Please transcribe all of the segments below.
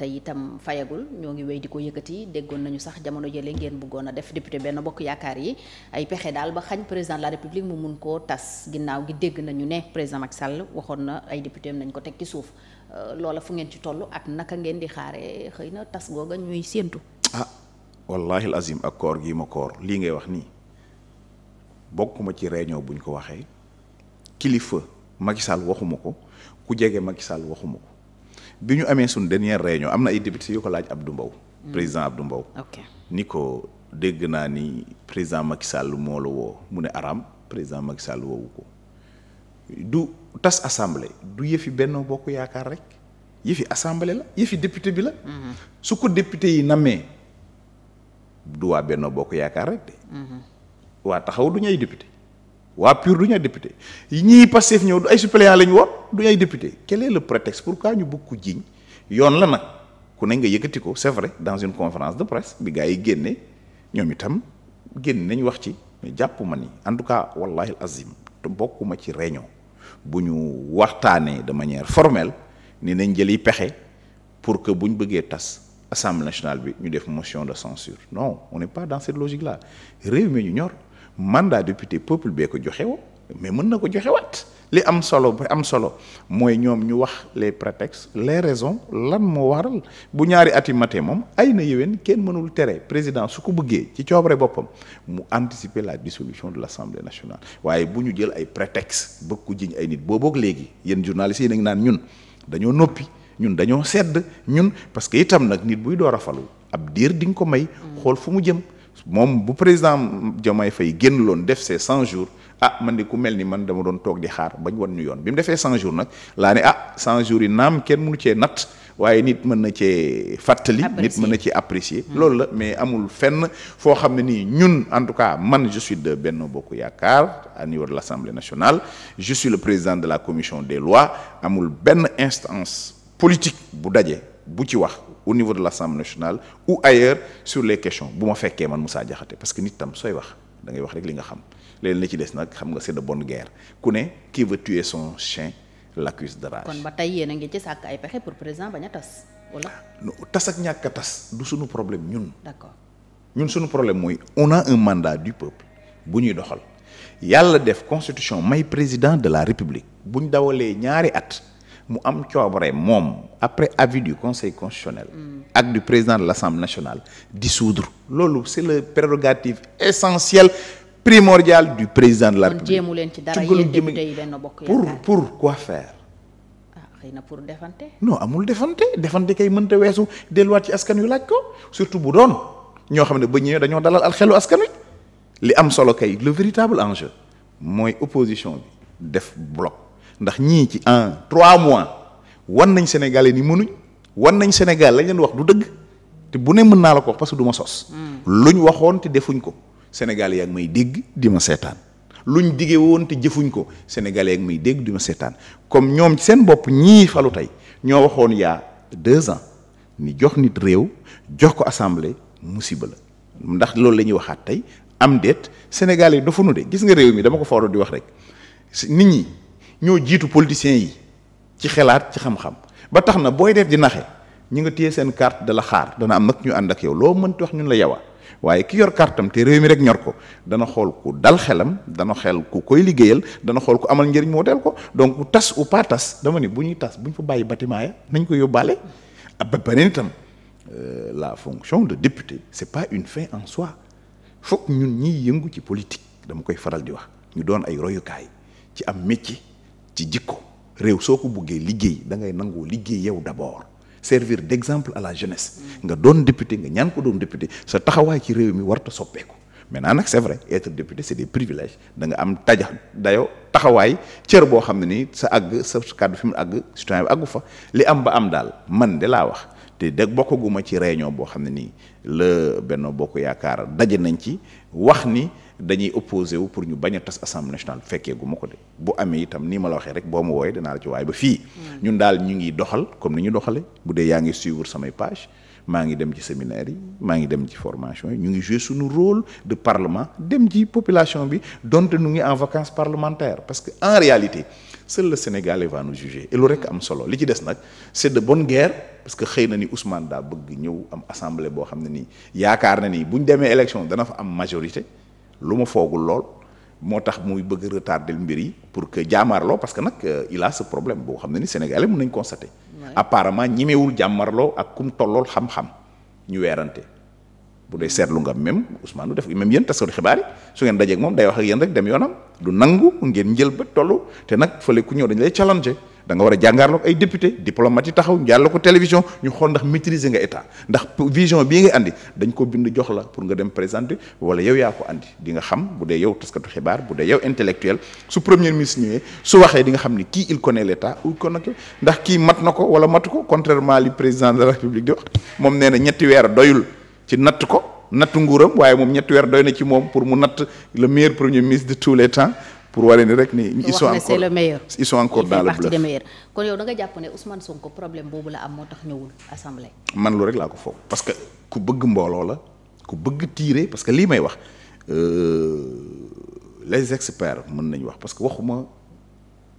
tey itam fayagul ñoo ngi wéy di ko yëkkati déggoon nañu sax jamono jële ngeen bëggoon a def député benn bokk yaakaar yi ay pexe daal ba xañ président de la république mu mun koo tas ginnaaw gi dégg nañu ne président Macky Sall waxoon na ay député am ko teg ci suuf euh, loola fu ngeen ci toll ak naka ngeen di xaare xëy na tas googa ñuy séentu ah wallahi ak koor gi ma koor lii ngay wax nii bokkuma ci réunion buñ ko waxee kilifa Macky Sall waxuma ko ku jege Macky Sall waxuma ko bi ñu amee suñ dernière réunion am na ay députés yu ko laaj du Mbow mm. président Abdou mbaw ni ko dégg naa ni président Macky Sall moo la woo mu ne aram président Macky Sall woowu ko du tas assemblée du yëfi Benno Bokk Yaakaar rek yëfi assemblée la yëfi député bi la mm-hmm. su ko député yi namee du waa Benno Bokk Yaakaar rek de mm-hmm. waa taxaw du ñay député waa PUR du ñu ay député ñii Pastef ñëw du ay suppléants la ñu woon du ñu ay député quel est le prétexte pourquoi ñu bëgg ko jiiñ yoon la nag ku ne nga yëkkati ko c'est vrai dans une conférence de presse bi gars yi génne ñoom itam génn nañ wax ci mais jàpp ma ni en tout cas wallahi al azim te bokkuma ci réunion bu ñu waxtaanee de manière formelle ni nañ jëli pexe pour que bu ñu bëggee tas assemblée nationale bi ñu def motion de censure non on n'est pas dans cette logique réew mi ñu ñor. mandat député peuple bee ko joxe woo mais mën na ko joxe waat li am solo ba am solo mooy ñoom ñu wax les prétextes les raison lan moo waral bu ñaari at yi moom ay na yéwén kenn mënul tere président su ko bëggee ci coobare boppam mu anticiper la dissolution de l' assemblée nationale waaye bu ñu jël ay prétextes bëgg ko jiñ ay nit boobook léegi yéen journalistes yi nag naan ñun dañoo noppi ñun dañoo sedd ñun parce que itam nag nit buy door a falu ab diir di nga ko may. xool fu mu jëm. moom bu président Diomaye Faye génn loon def ses cent jours ah man di ku mel ni man dama doon toog di xaar bañ wan ñu yoon bi mu defee cent jours nag laa ne ah cent jours yi naam kenn mënu cee nat waaye nit mën na cee fàttali nit mën na cee apprécier loolu la mais amul fenn foo xam ne nii ñun en tout cas man je suis de Benno Bokk Yaakaar à niveau de l'Assemblée nationale je le président de la commission des lois amul benn instance politique bu daje bu ci wax au niveau de l'Assemblée nationale ou ailleurs sur les questions bu ma fekkee man Moussa Diakhaté parce que nit tam sooy wax da ngay wax rek li nga xam léegi la ci des nag xam nga c'est de bonne guerre ku ne qui veut tuer son chien l'accuse de rage. ba tey yéen a ngi ci sàkk ay pexe pour président bañ a tas wala. tas ak ñàkk a tas du suñu problème ñun. d'accord ñun suñu problème mooy on a un mandat du peuple bu ñuy doxal yàlla def constitution may président de la république bu ñu dawalee ñaari at. mu am coobare moom après avis du conseil constitutionnel. ak du président de l'assemblée nationale. dissoudre loolu c'est le prérogative essentiel primordial du président de la république. jéemu leen ci dara yéen député yi benn bokk pour pour quoi faire. Ah, xëy na pour defante. non amul defante defante kay mënta weesu delluwaat ci askan wi laaj ko surtout bu doon ñoo xam ne ba ñëwee dañoo dalal al xelu askan wi li am solo kay le véritable enjeu mooy opposition bi def bloc. ndax ñii ci en trois mois wan nañ Sénégalais ni mënuñ wan nañ Sénégal lañ leen wax du dëgg te bu ne mën naa la ko wax parce que du ma sos. Mm. luñ waxoon te defuñ ko Sénégalais yaa ngi may dégg di ma seetaan luñ diggee woon te jëfuñ ko Sénégalais yaa ngi may dégg di ma seetaan comme ñoom seen bopp ñii falu tey ñoo waxoon yaa deux ans ni jox nit réew jox ko assemblée musiba la ndax loolu la ñuy waxaat tey am déet Sénégalais yi dafa nu de gis nga réew mi dama ko faral di wax rek nit ñi. ñoo jiitu politiciens yi ci xelaat ci xam-xam ba tax na booy def di naxe ñi nga téye seen carte dala xaar dana am nag ñu ànd ak yow loo mënti wax ñun la yow waaye ki yor tam te réew mi rek ñor ko dana xool ku dal xelam dana xel ku koy liggéeyal dana xool ku amal njëriñ wooteel ko donc tas ou pas tas dama ne bu ñuy tas bu fa bàyyi bâtiment ya nañ ko yóbbaale ah, ba beneen itam euh, la fonction de député c'est pas une fin en soi foog ñun ñiy yëngu ci politique dama koy faral di wax ñu doon ay royukaay ci am métier ci jikko réew soo ko buggee liggéey da ngay nangoo liggéey yow d'abord servir d'exemple à la jeunesse nga doon député nga ñaan ko doon député sa taxawaay ci réew mi warta soppeeku maintenant nag c'est vrai être député c'est des privilèges da nga am tajax dayoo taxawaay cër boo xam ne nii sa àgg sa kàddu fi mu àgg citoyen bi àggu fa li am ba am daal man de laa wax te dëgg bokkaguma ci réunion boo xam ne nii la Benno Bokk Yaakaar daje nañ ci wax ni dañuy opposé wu pour ñu bañ a tas assemblée nationale fekkee gu ma ko de bu amee itam nii ma la waxee rek boo ma wooyee danaa la ci waaye ba fii. Mm. ñun daal ñu ngi doxal comme ni ñu doxalee bu dee yaa ngi suivre samay page. maa ngi dem ci séminaire yi maa ngi dem ci formation yi ñu ngi jouer suñu role de parlement dem ci population bi donte ñu ngi en vacances parlementaires parce que en réalité. seul le Sénégalais va nous juger et lu rek am solo li ci des nag c'est bon bonne guerre parce que xëy na ni Ousmane daa bëgg ñëw am assemblée boo xam ne nii yaakaar na ni bu ñu demee élection dana fa am majorité lu ma foogul lool moo tax muy bëgg retarder mbir yi pour que jàmmarloo parce que nag euh, il a ce problème boo xam ne ni Sénégalais mën nañ constater apparemment ñemewul jàmmarloo ak kum tollool xam-xam ñu weerante bu dee seetlu nga même Ousmane du def même yéen taskatu xibaar yi su ngeen dajeeg moom day wax ak rek dem yoonam du nangu ngeen njël ba toll te nag fële ku ñëw dañ lay challenger da nga war a jàngaarloo ak ay député diplomate yi taxaw jàll ko télévision ñu xool ndax maîtriser nga état ndax vision bii ngay andi dañ ko bind jox la pour nga dem présenter wala yow yaa ko andi di xam bu dee yow taskatu xibaar bu dee yow intellectuel su premier ministre su waxee di nga xam ni kii il connaît l'état ou kon nag na ko wala matu ko contrairement li président de la république di wax moom nee na ñetti ci natt ko natt nguuram waaye moom ñetti weer doy na ci moom pour mu natt le meilleur premier ministre de tous les temps pour waree ni rek ni ils sont encore le meilleur ils sont encore dans le bluff kon yow da nga jàpp ne Ousmane Sonko problème boobu la am moo tax ñëwul assemblée. man lu rek laa ko foog parce que ku bëgg mbooloo la ku bëgg tiire parce que lii may wax euh, les experts mën nañu wax parce que waxuma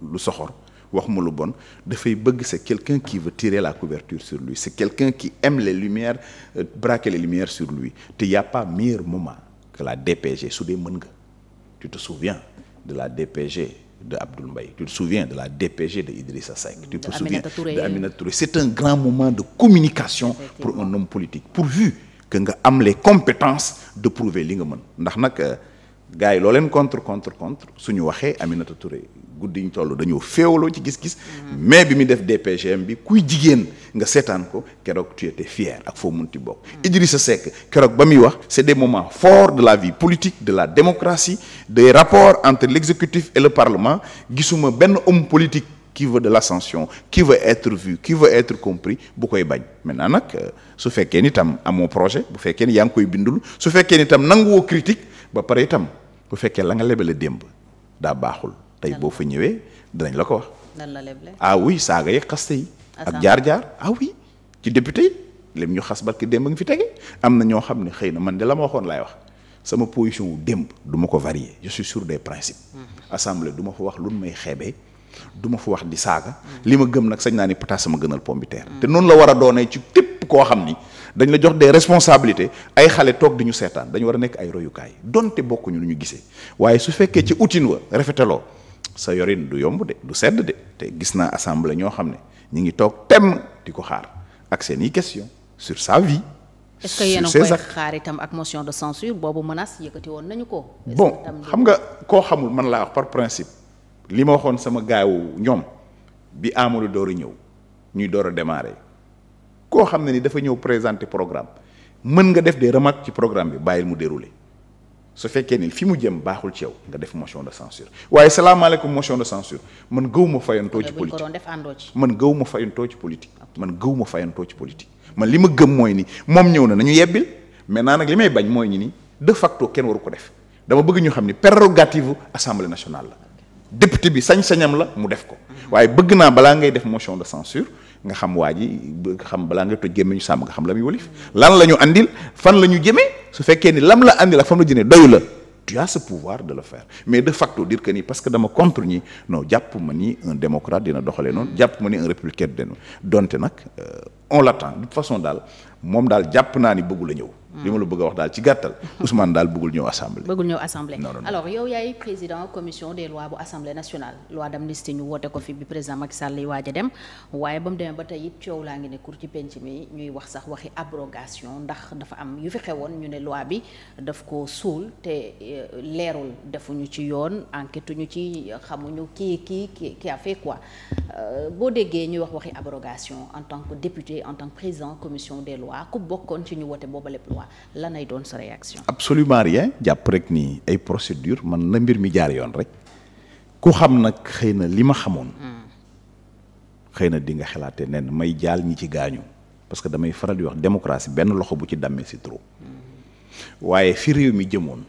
lu soxor. wax ma lu bon dafay bëgg c'est quelqu'un qui veut tirer la couverture sur lui c'est quelqu'un qui aime les lumières euh, braquer les lumières sur lui te y pas meilleur moment que la DPG su dee mën nga tu te souviens de la DPG de Abdoul Mbaye tu te souviens de la DPG de Idrissa Seck tu te souviens de Aminata Touré c'est un grand moment de communication pour un homme politique pourvu que nga am les compétences de prouver li nga mën ndax nag euh, gars yi loo leen contre contre contre suñu waxee Aminata Touré guddi ñu toll dañoo féewaloo ci gis-gis. mais bi muy def DPGM bi kuy jigéen nga seetaan ko keroog tu étais fier ak foo munti bokk. Mm. sa Seck keroog ba muy wax c'est des moment forts de la vie politique de la démocratie des rapports entre l'exécutif et le parlement gisuma benn homme politique qui veut de l'ascension qui veut être vu qui veut être compris bu koy bañ maintenant nag euh, su fekkee ni tam amoo projet bu fekkee ni yaa ngi koy bindul su fekkee ni tam nanguwoo critique ba pare bu fekkee la nga lebale démb daa baaxul. tey boo fa ñëwee dinañ la ko wax. nan la leble ah oui saaga yeeg xaste yi. Ah, ak jaar jaar ah oui ci député yi. ñu xas barki démb nga fi tege am na ñoo xam ne xëy na man de la ma waxoon laay wax sama position wu démb du ma ko varier je suis sur des principes. Mm-hmm. assemblée du wax lu may xeebee du ma fa wax di saaga. li ma gëm nag sañ naa ne pataas sama gënal pomme mm-hmm. te noonu la war a ci képp koo xam ni dañ la jox de responsabilité ay xale toog di ñu seetaan dañu war a nekk ay royukaay donte bokkuñu lu ñu gisee waaye su fekkee ci outil wa rafetaloo. sa yorin du yomb de du sedd de te gis naa assemblée ñoo xam ne ñu ngi toog temm di ko xaar ak seen i question sur sa vie. est ce que yéen a koy xaar itam ak motion de censure boobu menace yëkkati woon nañu ko. bon xam nga koo xamul man laa wax par principe li ma waxoon sama gaawu ñoom bi Amadou door a ñëw ñuy door a démarrer koo xam ne ni dafa ñëw présenter programme mën nga def des remarques ci programme bi bàyyil mu dérouler. su fekkee ni fi mu jëm baaxul ci yow nga def motion de censure waaye salaamaaleykum motion de censure man gëw ma fayantoo ci politique man gëw ma fayantoo ci politique man gëw ma fayantoo ci politique man li ma gëm mooy ni moom ñëw na nañu yebbil naa nag li may bañ mooy ñi ni de facto kenn waru ko def dama bëgg ñu xam ni prérogative assemblée nationale la député bi sañ-sañam la mu def ko waaye bëgg naa balaa ngay def motion de censure nga xam waa ji xam balaa nga toj gémmiñu sàmm nga xam la muy walif lan la ñu andil fan la ñu jëmee su fekkee ni lam la andil ak fan la jëmee doyu la tu as ce pouvoir de le faire mais de facto dire que ni parce que dama contre ñi non jàpp ma ni un démocrate dina doxalee noonu jàpp ma ni un républicain dina donte nag euh, on l'attend de toute façon daal moom daal jàpp naa ni bëggu la ñëw li ma la bëgg wax daal ci gàttal Ousmane daal bëggul ñëw assemblée. bëggul ñëw assemblée alors yow yaay président commission de lois bu assemblée nationale loi d'amnistie ñu woote ko fi bi président Macky Sall yi waaj dem waaye ba mu demee ba tey it coow laa ngi ne kur ci penc mi ñuy wax sax waxi abrogation ndax dafa am yu fi xewoon ñu ne loi bi daf ko suul te euh, leerul defuñu ci yoon enquête ñu ci xamuñu kii kii kii qui a fait quoi euh, boo déggee ñuy wax waxi abrogation en tant que député en tant que président commission des lois ku ñu woote booba lépp loi lan ay doon sa réaction. absolument rien jàpp rek nii ay procédure man na mbir mi jaar yoon rek ku xam nag xëy na li ma xamoon. Hmm. xëy na di nga xalaate nen may jaal ñi ci gaañu parce que damay faral di wax démocratie benn loxo bu ci dammee si trop hmm. waaye fi réew mi jëmoon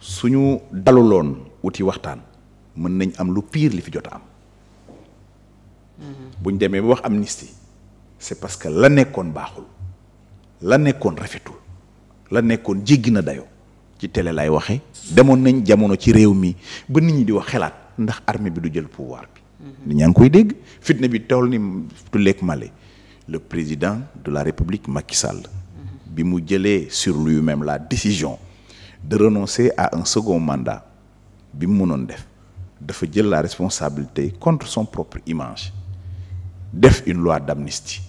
suñu daluloon wuti waxtaan mën nañ am lu piir li fi jot a am. Hmm. buñ demee ba wax amnistie c'est parce que la nekkoon baaxul. la nekkoon rafetul la nekkoon jéggi na dayoo ci tele lay waxe demoon nañ jamono ci réew mi ba nit ñi di wax xelaat ndax armée bi du jël pouvoir bi mhm. nit ñaa ngi koy dégg fitna bi toll ni tuleeg male le président de la République Macky Sall mhm. bi mu jëlee sur lui-même la décision de renoncer à un second mandat bi mu mënoon def dafa jël la responsabilité contre son propre image def une loi d'amnistie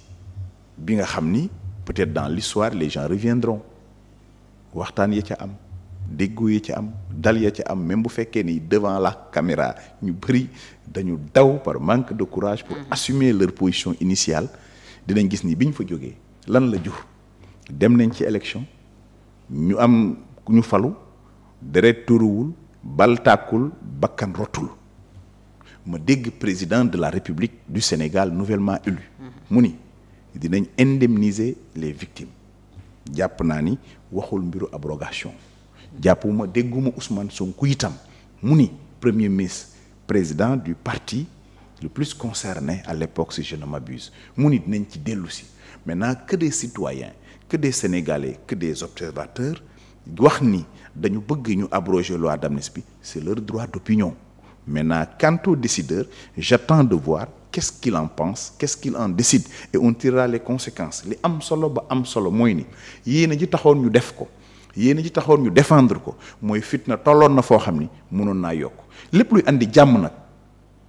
bi nga xam ni peut-être dans l'histoire les gens reviendront waxtaan ya ca am déggoo ya ca am dal ya ca am même bu fekkee ni devant la caméra ñu bëri dañu daw par manque de courage pour mm-hmm. assumer leur position initiale dinañ gis ni bi ñu fa jógee lan la jur dem nañ ci élection ñu am ñu falu deret turuwul bal tàkkul bakkan rotul ma dégg président de la république du Sénégal nouvellement élu mm-hmm. mu ni dinañ indemniser les victimes jàpp naa ni waxul mbiru abrogation jàppuma dégguma Ousmane Sonko itam mu ni premier ministre président du parti le plus concerné à l'époque si je ne m'abuse mu ni dinañ ci dellu si maintenant que des citoyens que des sénégalais que des observateurs wax ni dañu bëgg ñu abroger loi d'amnistie c'est leur droit d'opinion maintenant quant aux décideurs j'attends de voir qu'est-ce qu'il en pense quest en décide et on tirera les conséquences li am solo ba am solo mooy ni yéen a ji taxoon ñu def ko yéen a ji taxoon ñu défendre ko mooy fitna tolloon na foo xam ni mënoon naa yokk lépp luy andi jàmm nag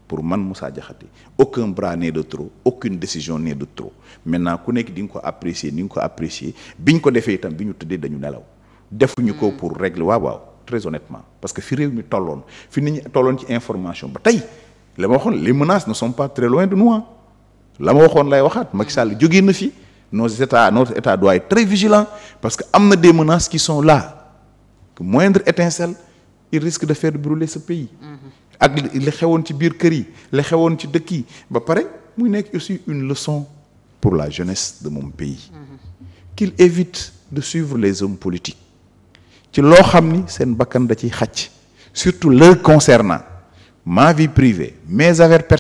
pour man Moussa Diakhaté aucun bras n'est de trop aucune décision n'est de trop maintenant ku nekk di nga ko apprécier ni nga ko apprécier ñu ko defee itam bi ñu tëddee dañu nelaw defuñu ko mm. pour régler waaw waaw très honnêtement parce que fi réew mi tolloon fi nit ñi tolloon ci information ba tey li ma waxoon les menaces ne sont de nous la ma waxoon lay waxaat Macky Sall jógee na fi noo états notre état doit être très vigilant parce que am na des menaces qui son là que moindre étincelle il risque de faire brûler ce pays. Mm-hmm. ak li xewoon ci biir kër yi li xewoon ci dëkk yi ba pare muy nekk aussi une leçon pour la jeunesse de mon pays. Mm-hmm. qu'il évite de suivre les hommes politiques ci loo xam ni seen bakkan da ciy xacc surtout leur concernant. ma vie privée mes affaires